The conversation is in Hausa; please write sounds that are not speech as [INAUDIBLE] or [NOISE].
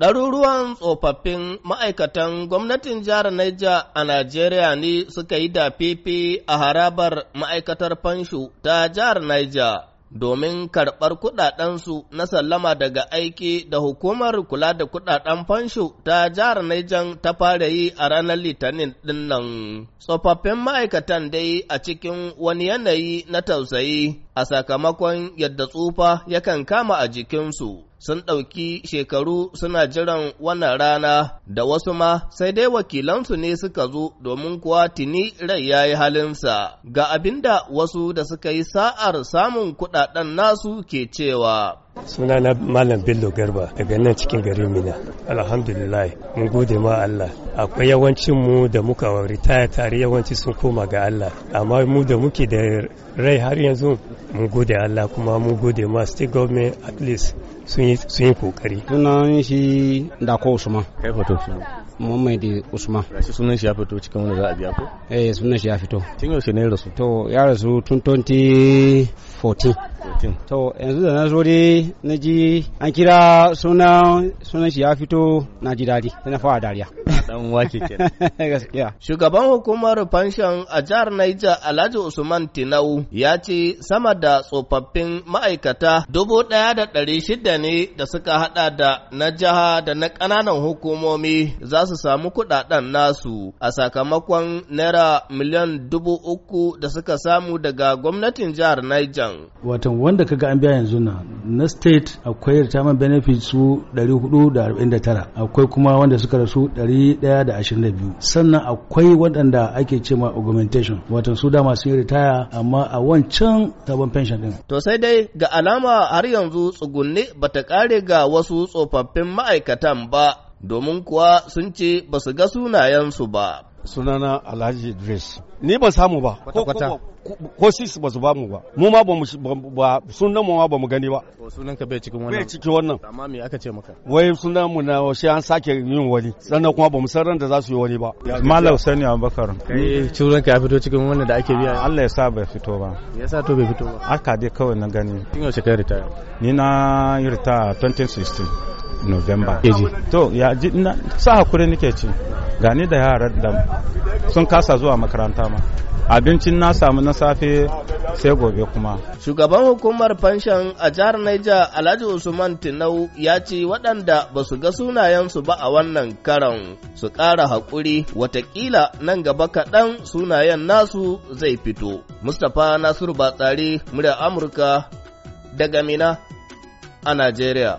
Ɗaruruwan tsofaffin ma'aikatan gwamnatin jihar Niger a Najeriya ne suka yi da fifi a harabar ma'aikatar fansho ta jihar Niger domin karɓar kuɗaɗensu na sallama daga aiki da hukumar kula da kuɗaɗen fansho ta jihar Niger ta fara yi a ranar Litinin ɗin nan. Tsofaffin ma'aikatan dai a cikin wani yanayi na tausayi a sakamakon yadda tsufa yakan kama a jikinsu. sun ɗauki shekaru suna jiran wannan rana da wasu ma sai dai wakilansu ne suka zo domin kuwa tuni rai ya yi halinsa ga abinda wasu da suka yi sa'ar samun kuɗaɗen nasu ke cewa. suna na malam bello garba daga nan cikin garin mina alhamdulillah mun gode ma allah akwai yawancin mu da muka ritaya tare yawanci sun koma ga allah amma mu da muke da rai har yanzu mun gode allah kuma mun gode ma state government at least sun yi kokari sunan shi da ko usman kai fito muhammad usman shi sunan shi ya fito cikin wanda za a biya ko eh sunan shi ya fito tun shi ne rasu to ya rasu tun 2014 mutum to yanzu da na zo na ji an kira sunan shi ya fito na ji dadi na fara dariya dan wake kenan [LAUGHS] gaskiya shugaban hukumar fanshan a jihar Niger Alhaji Usman Tinau ya ce sama da tsofaffin ma'aikata dubu ɗaya da ɗari shida ne da suka haɗa da na jiha da na ƙananan hukumomi za su samu kuɗaɗen nasu a sakamakon naira miliyan dubu uku da suka samu daga gwamnatin jihar Niger. wanda kaga an biya yanzu na na state akwai retirement benefit su 449 akwai kuma wanda suka rasu 122 sannan akwai waɗanda ake ce ma augmentation wato su dama sun ritaya amma a wancan sabon pension din to sai dai ga alama har yanzu tsugunne bata kare ga wasu tsofaffin ma'aikatan ba domin kuwa sun ce ba su ga sunayensu ba sunana Alhaji Idris. Ni ban samu ba. Kwata-kwata. Ko sis ba su ba mu ba. Mu ma ba sunan mu ma ba mu gani ba. Sunan ka bai cikin wannan. Bai ciki wannan. Amma me aka ce maka? Wai sunan mu na shi an sake yin wani. Sannan kuma ba mu san ran da za su yi wani ba. Malam Sani Abubakar. Kai sunan ka ya fito cikin wannan da ake biya. Ah, Allah ya sa bai fito ba. Ya sa to bai fito ba. Aka dai kawai na gani. Kin yau kai ta. Ni na yi ritaya 2016. November. To ya ji na sa hakuri nake ci. gani da yaran da sun kasa zuwa makaranta ma abincin na samu na safe sai gobe kuma shugaban hukumar fanshan a jihar Niger Alhaji Usman Tinau ya ce waɗanda ba su ga sunayensu ba a wannan karan su ƙara haƙuri watakila nan gaba kaɗan sunayen nasu zai fito Mustapha Nasiru Batsari murya Amurka daga Mina a Najeriya